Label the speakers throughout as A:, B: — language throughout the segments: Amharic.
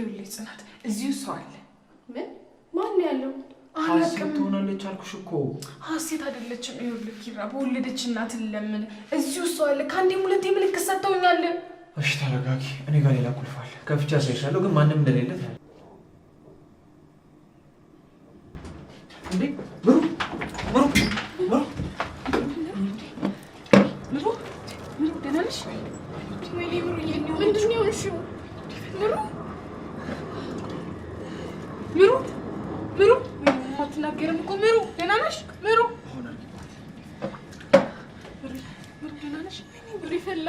A: ይኸውልሽ ጽናት እዚሁ ሰው አለ።
B: ምን ማን ያለው?
A: ሀሴት ትሆናለች አልኩሽ እኮ።
B: ሀሴት አይደለችም። ይኸውልህ ኪራ በወለደች እናትን ለምን እዚሁ ሰው አለ። ከአንዴም ሁለቴ ምልክት ሰጥተውኛል።
A: እሺ ተረጋጊ። እኔ ጋር ሌላ ቁልፍ አለ። ከፍቼ አሳይሻለሁ፣ ግን ማንም እንደሌለ
B: አትናገርም እኮ ምሩ። ደህና ነሽ ምሩ? ደህና ነሽ? ምሩ።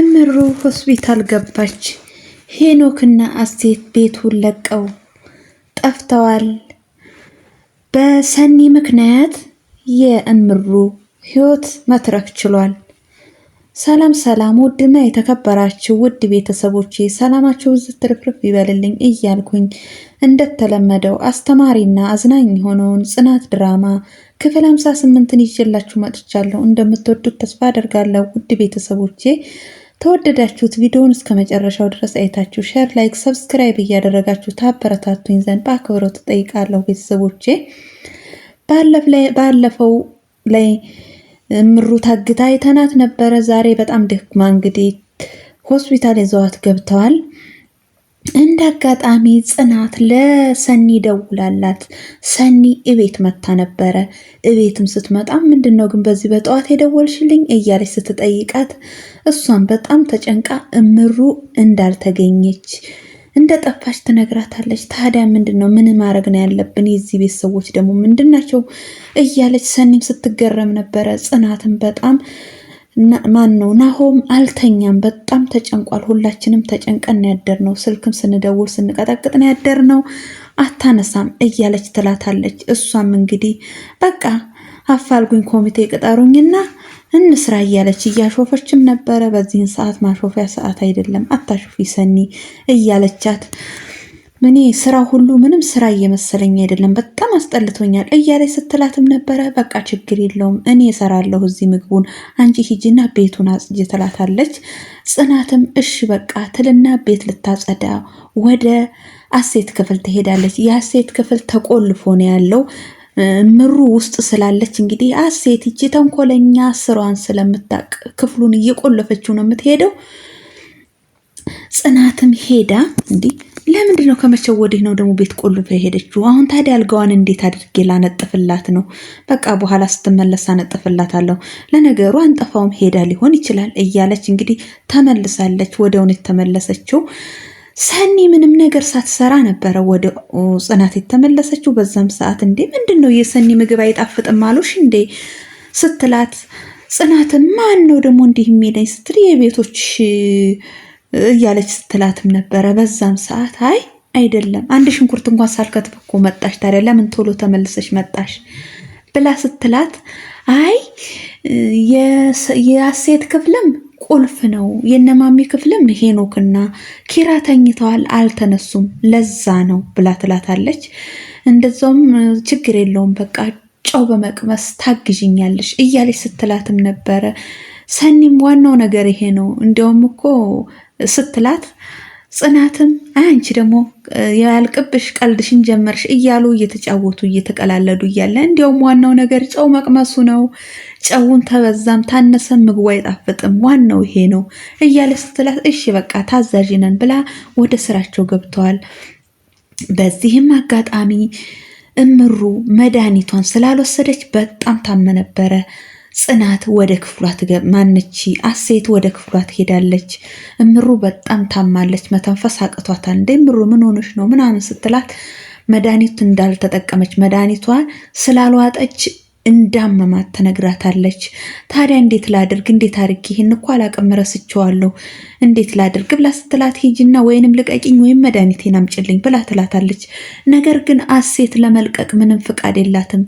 B: እምሩ ሆስፒታል ገባች። ሄኖክና አሴት ቤቱን ለቀው ጠፍተዋል። በሰኒ ምክንያት የእምሩ ህይወት መትረክ ችሏል። ሰላም ሰላም! ውድና የተከበራችሁ ውድ ቤተሰቦቼ ሰላማችሁ ዝትርፍርፍ ይበልልኝ እያልኩኝ እንደተለመደው አስተማሪና አዝናኝ የሆነውን ጽናት ድራማ ክፍል 58 ስምንትን ይዤላችሁ መጥቻለሁ። እንደምትወዱት ተስፋ አደርጋለሁ ውድ ቤተሰቦቼ ተወደዳችሁት ቪዲዮውን እስከ መጨረሻው ድረስ አይታችሁ ሼር፣ ላይክ፣ ሰብስክራይብ እያደረጋችሁ ታበረታቱኝ ዘንድ በአክብሮት እጠይቃለሁ። ቤተሰቦቼ ባለፈው ላይ እምሩ ታግታ አይተናት ነበረ። ዛሬ በጣም ደክማ እንግዲህ ሆስፒታል ይዘዋት ገብተዋል። እንደ አጋጣሚ ጽናት ለሰኒ ደውላላት ሰኒ እቤት መታ ነበረ። እቤትም ስትመጣ ምንድን ነው ግን በዚህ በጠዋት የደወልሽልኝ እያለች ስትጠይቃት እሷን በጣም ተጨንቃ እምሩ እንዳልተገኘች እንደ ጠፋች ትነግራታለች። ታዲያ ምንድን ነው ምን ማድረግ ነው ያለብን? የዚህ ቤት ሰዎች ደግሞ ምንድን ናቸው እያለች ሰኒም ስትገረም ነበረ ጽናትም በጣም ማን ነው ናሆም አልተኛም። በጣም ተጨንቋል። ሁላችንም ተጨንቀን ነው ያደርነው። ስልክም ስንደውል ስንቀጠቅጥ ነው ያደርነው። አታነሳም እያለች ትላታለች። እሷም እንግዲህ በቃ አፋልጉኝ ኮሚቴ ቅጠሩኝና እንስራ እያለች እያሾፈችም ነበረ። በዚህን ሰዓት ማሾፊያ ሰዓት አይደለም፣ አታሾፊ ሰኒ እያለቻት እኔ ስራ ሁሉ ምንም ስራ እየመሰለኝ አይደለም፣ በጣም አስጠልቶኛል እያለች ስትላትም ነበረ። በቃ ችግር የለውም እኔ እሰራለሁ እዚህ ምግቡን፣ አንቺ ሂጂና ቤቱን አጽጅ ትላታለች። ጽናትም እሺ በቃ ትልና ቤት ልታጸዳ ወደ አሴት ክፍል ትሄዳለች። የአሴት ክፍል ተቆልፎ ነው ያለው። ምሩ ውስጥ ስላለች እንግዲህ አሴት እጅ ተንኮለኛ ስሯን ስለምታቅ ክፍሉን እየቆለፈችው ነው የምትሄደው። ጽናትም ሄዳ እንዲህ ለምንድን ነው ከመቼው ወዲህ ነው ደግሞ ቤት ቆልፈ የሄደችው? አሁን ታዲያ አልጋዋን እንዴት አድርጌ ላነጥፍላት ነው? በቃ በኋላ ስትመለስ አነጥፍላት አለው። ለነገሩ አንጠፋውም ሄዳ ሊሆን ይችላል እያለች እንግዲህ ተመልሳለች። ወደ እውነት ተመለሰችው። ሰኒ ምንም ነገር ሳትሰራ ነበረ ወደ ጽናት የተመለሰችው። በዛም ሰዓት እንዴ ምንድን ነው የሰኒ ምግብ አይጣፍጥም አሉሽ እንዴ ስትላት ጽናትን ማን ነው ደግሞ እንዲህ የሚለኝ ስትል የቤቶች እያለች ስትላትም ነበረ። በዛም ሰዓት አይ አይደለም አንድ ሽንኩርት እንኳን ሳልከትፍ እኮ መጣሽ፣ ታዲያ ለምን ቶሎ ተመልሰሽ መጣሽ ብላ ስትላት አይ የአሴት ክፍልም ቁልፍ ነው የነማሚ ክፍልም ሄኖክና ኪራ ተኝተዋል አልተነሱም፣ ለዛ ነው ብላ ትላታለች። እንደዛውም ችግር የለውም በቃ ጨው በመቅመስ ታግዥኛለሽ እያለች ስትላትም ነበረ። ሰኒም ዋናው ነገር ይሄ ነው እንዲያውም እኮ ስትላት ጽናትም አንቺ ደግሞ ያልቅብሽ ቀልድሽን ጀመርሽ እያሉ እየተጫወቱ እየተቀላለዱ እያለ እንዲያውም ዋናው ነገር ጨው መቅመሱ ነው፣ ጨውን ተበዛም ታነሰም ምግቡ አይጣፍጥም፣ ዋናው ይሄ ነው እያለ ስትላት እሺ በቃ ታዛዥ ነን ብላ ወደ ስራቸው ገብተዋል። በዚህም አጋጣሚ እምሩ መድኃኒቷን ስላልወሰደች በጣም ታመ ነበረ። ጽናት ወደ ክፍሏ ትገብ ማነች አሴት ወደ ክፍሏ ትሄዳለች። እምሩ በጣም ታማለች፣ መተንፈስ አቅቷታል። እንደ እምሩ ምን ሆነሽ ነው ምናምን ስትላት መድኃኒቱ እንዳልተጠቀመች መድኃኒቷ ስላልዋጠች እንዳመማት ተነግራታለች። ታዲያ እንዴት ላድርግ እንዴት አድርግ ይህን እኮ አላቅም ረስቼዋለሁ፣ እንዴት ላድርግ ብላ ስትላት ሂጂና ወይንም ልቀቂኝ ወይም መድኃኒቴን አምጪልኝ ብላ ትላታለች። ነገር ግን አሴት ለመልቀቅ ምንም ፍቃድ የላትም።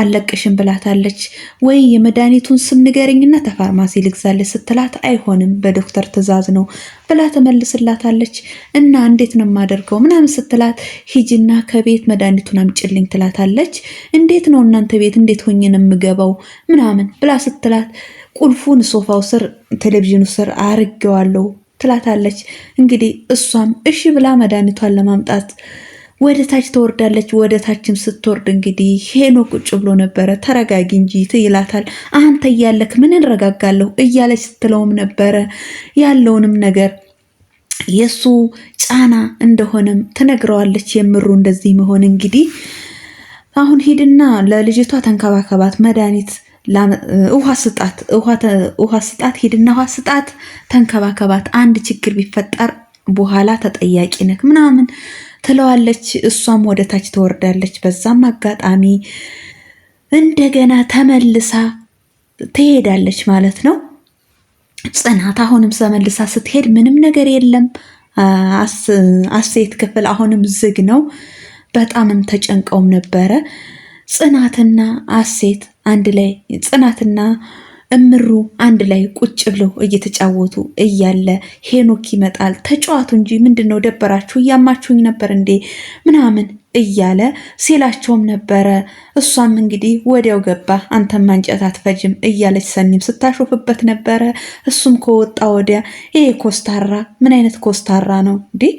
B: አለቅሽም ብላታለች። ወይ የመድኃኒቱን ስም ንገረኝና ተፋርማሲ ልግዛለች ስትላት አይሆንም በዶክተር ትዕዛዝ ነው ብላ ተመልስላታለች። እና እንዴት ነው የማደርገው ምናምን ስትላት ሂጂና ከቤት መድኃኒቱን አምጭልኝ ትላታለች። እንዴት ነው እናንተ ቤት እንዴት ሆኝን የምገባው ምናምን ብላ ስትላት ቁልፉን ሶፋው ስር ቴሌቪዥኑ ስር አርጌዋለሁ ትላታለች። እንግዲህ እሷም እሺ ብላ መድኃኒቷን ለማምጣት ወደ ታች ትወርዳለች። ወደ ታችም ስትወርድ እንግዲህ ሄኖ ቁጭ ብሎ ነበረ። ተረጋጊ እንጂ ትይላታል። አንተ እያለክ ምን እንረጋጋለሁ እያለች ስትለውም ነበረ ያለውንም ነገር የእሱ ጫና እንደሆነም ትነግረዋለች። የምሩ እንደዚህ መሆን እንግዲህ አሁን ሂድና ለልጅቷ ተንከባከባት፣ መድኃኒት ውሃ ስጣት፣ ውሃ ስጣት፣ ሂድና ውሃ ስጣት፣ ተንከባከባት። አንድ ችግር ቢፈጠር በኋላ ተጠያቂ ነክ ምናምን ትለዋለች። እሷም ወደ ታች ትወርዳለች። በዛም አጋጣሚ እንደገና ተመልሳ ትሄዳለች ማለት ነው። ጽናት አሁንም ተመልሳ ስትሄድ ምንም ነገር የለም። አሴት ክፍል አሁንም ዝግ ነው። በጣምም ተጨንቀውም ነበረ ጽናትና አሴት አንድ ላይ ጽናትና እምሩ አንድ ላይ ቁጭ ብለው እየተጫወቱ እያለ ሄኖክ ይመጣል። ተጫዋቱ እንጂ ምንድን ነው ደበራችሁ? እያማችሁኝ ነበር እንዴ ምናምን እያለ ሲላቸውም ነበረ። እሷም እንግዲህ ወዲያው ገባ፣ አንተማ እንጨት አትፈጅም እያለች ሰኒም ስታሾፍበት ነበረ። እሱም ከወጣ ወዲያ ይሄ ኮስታራ ምን አይነት ኮስታራ ነው እንዲህ?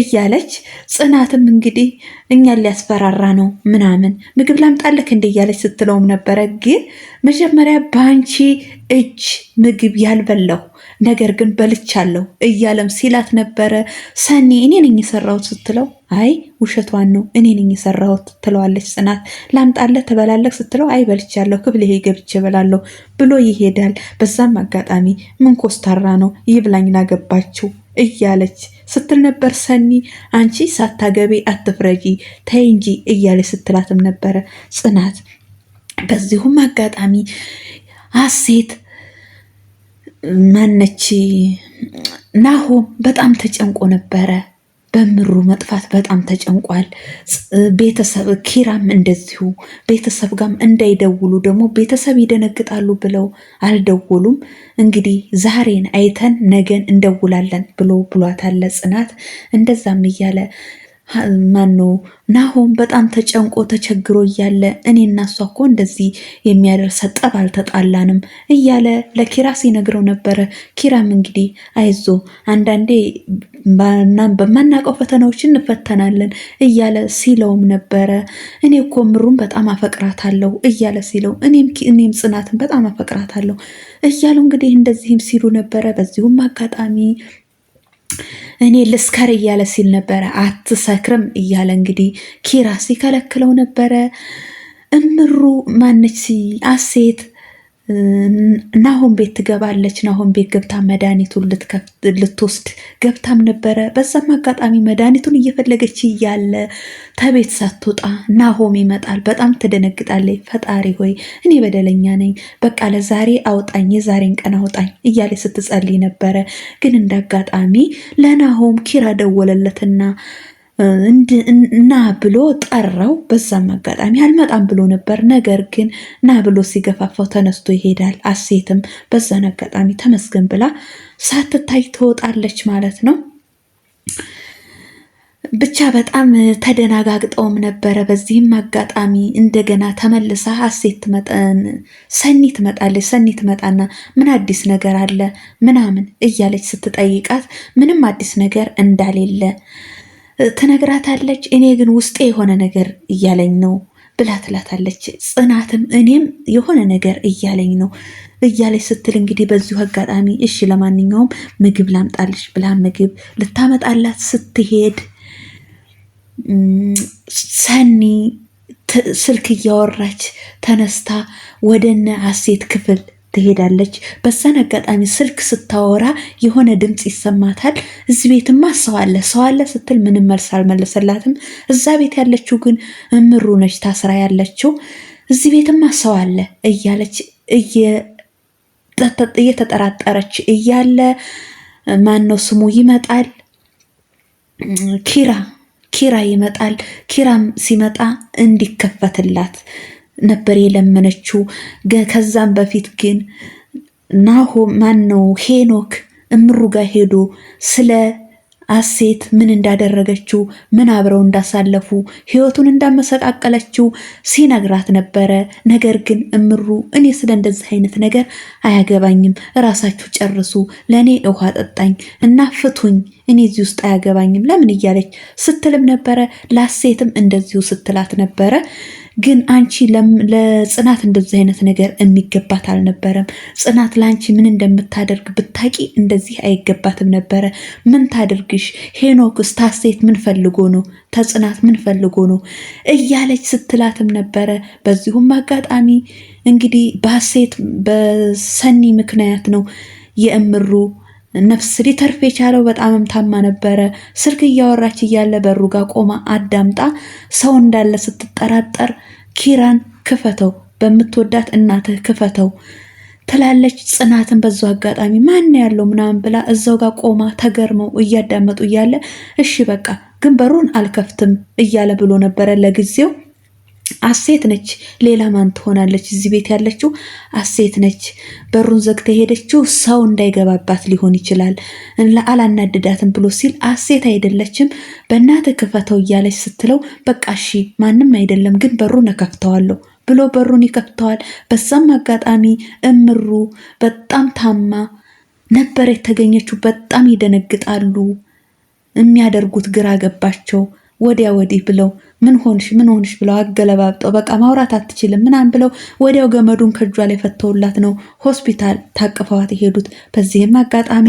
B: እያለች ጽናትም እንግዲህ እኛን ሊያስፈራራ ነው ምናምን ምግብ ላምጣልክ እንደ እያለች ስትለውም ነበረ። ግን መጀመሪያ በአንቺ እጅ ምግብ ያልበላሁ ነገር ግን በልቻለሁ እያለም ሲላት ነበረ። ሰኒ እኔ ነኝ የሰራሁት ስትለው አይ ውሸቷን ነው እኔ ነኝ የሰራሁት ትለዋለች ጽናት። ላምጣለህ ትበላለህ ስትለው አይ በልቻለሁ፣ ክፍል ይሄ ገብቼ እበላለሁ ብሎ ይሄዳል። በዛም አጋጣሚ ምን ኮስታራ ነው ይብላኝ ላገባችው እያለች ስትል ነበር ሰኒ። አንቺ ሳታገቢ አትፍረጂ ተይ እንጂ ስትላትም ነበረ ጽናት። በዚሁም አጋጣሚ አሴት ማነች ናሆም በጣም ተጨንቆ ነበረ። በምሩ መጥፋት በጣም ተጨንቋል። ቤተሰብ ኪራም እንደዚሁ ቤተሰብ ጋም እንዳይደውሉ ደግሞ ቤተሰብ ይደነግጣሉ ብለው አልደወሉም። እንግዲህ ዛሬን አይተን ነገን እንደውላለን ብሎ ብሏታል ጽናት። እንደዛም እያለ መኖ ናሆም በጣም ተጨንቆ ተቸግሮ እያለ እኔ እና እሷ እኮ እንደዚህ የሚያደርሰ ጠብ አልተጣላንም እያለ ለኪራ ሲነግረው ነበረ። ኪራም እንግዲህ አይዞ አንዳንዴ በማናውቀው ፈተናዎች እንፈተናለን እያለ ሲለውም ነበረ። እኔ እኮ ምሩን በጣም አፈቅራታለሁ እያለ ሲለው፣ እኔም ጽናትን በጣም አፈቅራታለሁ እያሉ እንግዲህ እንደዚህም ሲሉ ነበረ። በዚሁም አጋጣሚ እኔ ልስከር እያለ ሲል ነበረ። አትሰክርም እያለ እንግዲህ ኪራ ሲከለክለው ነበረ። እምሩ ማነች አሴት ናሆም ቤት ትገባለች። ናሆም ቤት ገብታ መድኃኒቱን ልትወስድ ገብታም ነበረ። በዛም አጋጣሚ መድኃኒቱን እየፈለገች እያለ ተቤት ሳትወጣ ናሆም ይመጣል። በጣም ትደነግጣለች። ፈጣሪ ሆይ እኔ በደለኛ ነኝ፣ በቃ ለዛሬ አውጣኝ፣ የዛሬን ቀን አውጣኝ እያለ ስትጸልይ ነበረ። ግን እንደ አጋጣሚ ለናሆም ኪራ ደወለለትና እና ብሎ ጠራው። በዛም አጋጣሚ አልመጣም ብሎ ነበር። ነገር ግን ና ብሎ ሲገፋፋው ተነስቶ ይሄዳል። አሴትም በዛን አጋጣሚ ተመስገን ብላ ሳትታይ ትወጣለች ማለት ነው። ብቻ በጣም ተደናጋግጠውም ነበረ። በዚህም አጋጣሚ እንደገና ተመልሳ አሴት ትመጣን ሰኒ ትመጣለች። ሰኒ ትመጣና ምን አዲስ ነገር አለ ምናምን እያለች ስትጠይቃት ምንም አዲስ ነገር እንዳሌለ ትነግራታለች። እኔ ግን ውስጤ የሆነ ነገር እያለኝ ነው ብላ ትላታለች። ጽናትም እኔም የሆነ ነገር እያለኝ ነው እያለች ስትል እንግዲህ በዚሁ አጋጣሚ እሺ ለማንኛውም ምግብ ላምጣልሽ ብላ ምግብ ልታመጣላት ስትሄድ ሰኒ ስልክ እያወራች ተነስታ ወደነ አሴት ክፍል ትሄዳለች። በዛን አጋጣሚ ስልክ ስታወራ የሆነ ድምፅ ይሰማታል። እዚህ ቤትማ ሰው አለ ሰው አለ ስትል ምንም መልስ አልመለሰላትም። እዛ ቤት ያለችው ግን እምሩ ነች ታስራ ያለችው። እዚህ ቤትማ ሰው አለ እያለች እየተጠራጠረች እያለ ማን ነው ስሙ ይመጣል። ኪራ ኪራ ይመጣል። ኪራም ሲመጣ እንዲከፈትላት ነበር የለመነችው። ከዛም በፊት ግን ናሆ ማን ነው ሄኖክ እምሩ ጋር ሄዶ ስለ አሴት ምን እንዳደረገችው ምን አብረው እንዳሳለፉ ህይወቱን እንዳመሰቃቀለችው ሲነግራት ነበረ። ነገር ግን እምሩ እኔ ስለ እንደዚህ አይነት ነገር አያገባኝም፣ እራሳችሁ ጨርሱ፣ ለእኔ ውሃ ጠጣኝ እና ፍቱኝ፣ እኔ እዚህ ውስጥ አያገባኝም ለምን እያለች ስትልም ነበረ። ለአሴትም እንደዚሁ ስትላት ነበረ። ግን አንቺ ለጽናት እንደዚህ አይነት ነገር የሚገባት አልነበረም። ጽናት ለአንቺ ምን እንደምታደርግ ብታቂ እንደዚህ አይገባትም ነበረ። ምን ታደርግሽ? ሄኖክስ ታሴት ምን ፈልጎ ነው? ተጽናት ምን ፈልጎ ነው እያለች ስትላትም ነበረ። በዚሁም አጋጣሚ እንግዲህ በሴት በሰኒ ምክንያት ነው የእምሩ ነፍስ ሊተርፍ የቻለው በጣምም ታማ ነበረ። ስልክ እያወራች እያለ በሩ ጋር ቆማ አዳምጣ ሰው እንዳለ ስትጠራጠር ኪራን ክፈተው፣ በምትወዳት እናትህ ክፈተው ትላለች። ጽናትን በዛው አጋጣሚ ማን ያለው ምናምን ብላ እዛው ጋር ቆማ ተገርመው እያዳመጡ እያለ እሺ በቃ ግን በሩን አልከፍትም እያለ ብሎ ነበረ ለጊዜው አሴት ነች። ሌላ ማን ትሆናለች? እዚህ ቤት ያለችው አሴት ነች። በሩን ዘግተ ሄደችው ሰው እንዳይገባባት ሊሆን ይችላል። አላናድዳትም ብሎ ሲል አሴት አይደለችም፣ በእናተ ክፈተው እያለች ስትለው በቃ እሺ ማንም አይደለም ግን በሩን እከፍተዋለሁ ብሎ በሩን ይከፍተዋል። በዛም አጋጣሚ እምሩ በጣም ታማ ነበር የተገኘችው። በጣም ይደነግጣሉ። የሚያደርጉት ግራ ገባቸው። ወዲያ ወዲህ ብለው ምን ሆንሽ ምን ሆንሽ ብለው አገለባብጠው በቃ ማውራት አትችልም ምናምን ብለው ወዲያው ገመዱን ከእጇ ላይ ፈተውላት ነው ሆስፒታል ታቅፈዋት የሄዱት። በዚህም አጋጣሚ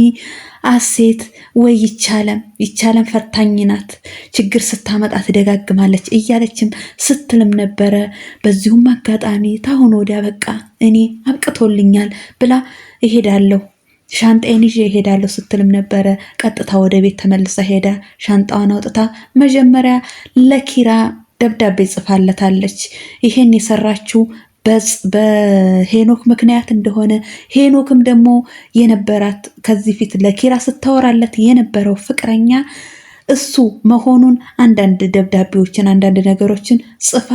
B: አሴት ወይ ይቻለም ይቻለም ፈታኝ ናት፣ ችግር ስታመጣ ትደጋግማለች እያለችም ስትልም ነበረ። በዚሁም አጋጣሚ ታሁን ወዲያ በቃ እኔ አብቅቶልኛል ብላ እሄዳለሁ ሻንጣዬን ይዤ እሄዳለሁ ስትልም ነበረ። ቀጥታ ወደ ቤት ተመልሳ ሄዳ ሻንጣዋን አውጥታ መጀመሪያ ለኪራ ደብዳቤ ጽፋለታለች። ይሄን የሰራችው በሄኖክ ምክንያት እንደሆነ ሄኖክም ደግሞ የነበራት ከዚህ ፊት ለኪራ ስታወራለት የነበረው ፍቅረኛ እሱ መሆኑን አንዳንድ ደብዳቤዎችን አንዳንድ ነገሮችን ጽፋ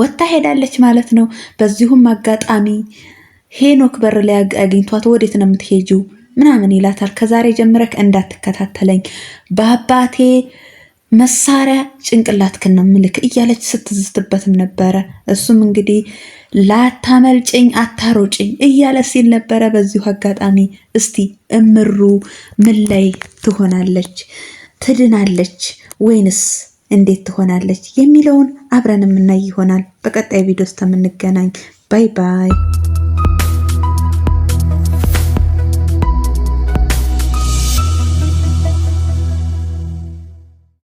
B: ወጥታ ሄዳለች ማለት ነው። በዚሁም አጋጣሚ ሄኖክ በር ላይ አግኝቷት ወዴት ነው የምትሄጂው ምናምን ይላታል። ከዛሬ ጀምረክ እንዳትከታተለኝ በአባቴ መሳሪያ ጭንቅላት ነው ምልክ እያለች ስትዝትበትም ነበረ። እሱም እንግዲህ ላታመልጭኝ አታሮጭኝ እያለ ሲል ነበረ። በዚሁ አጋጣሚ እስቲ እምሩ ምን ላይ ትሆናለች? ትድናለች ወይንስ እንዴት ትሆናለች የሚለውን አብረን የምናይ ይሆናል። በቀጣይ ቪዲዮ እስከምንገናኝ ባይ ባይ።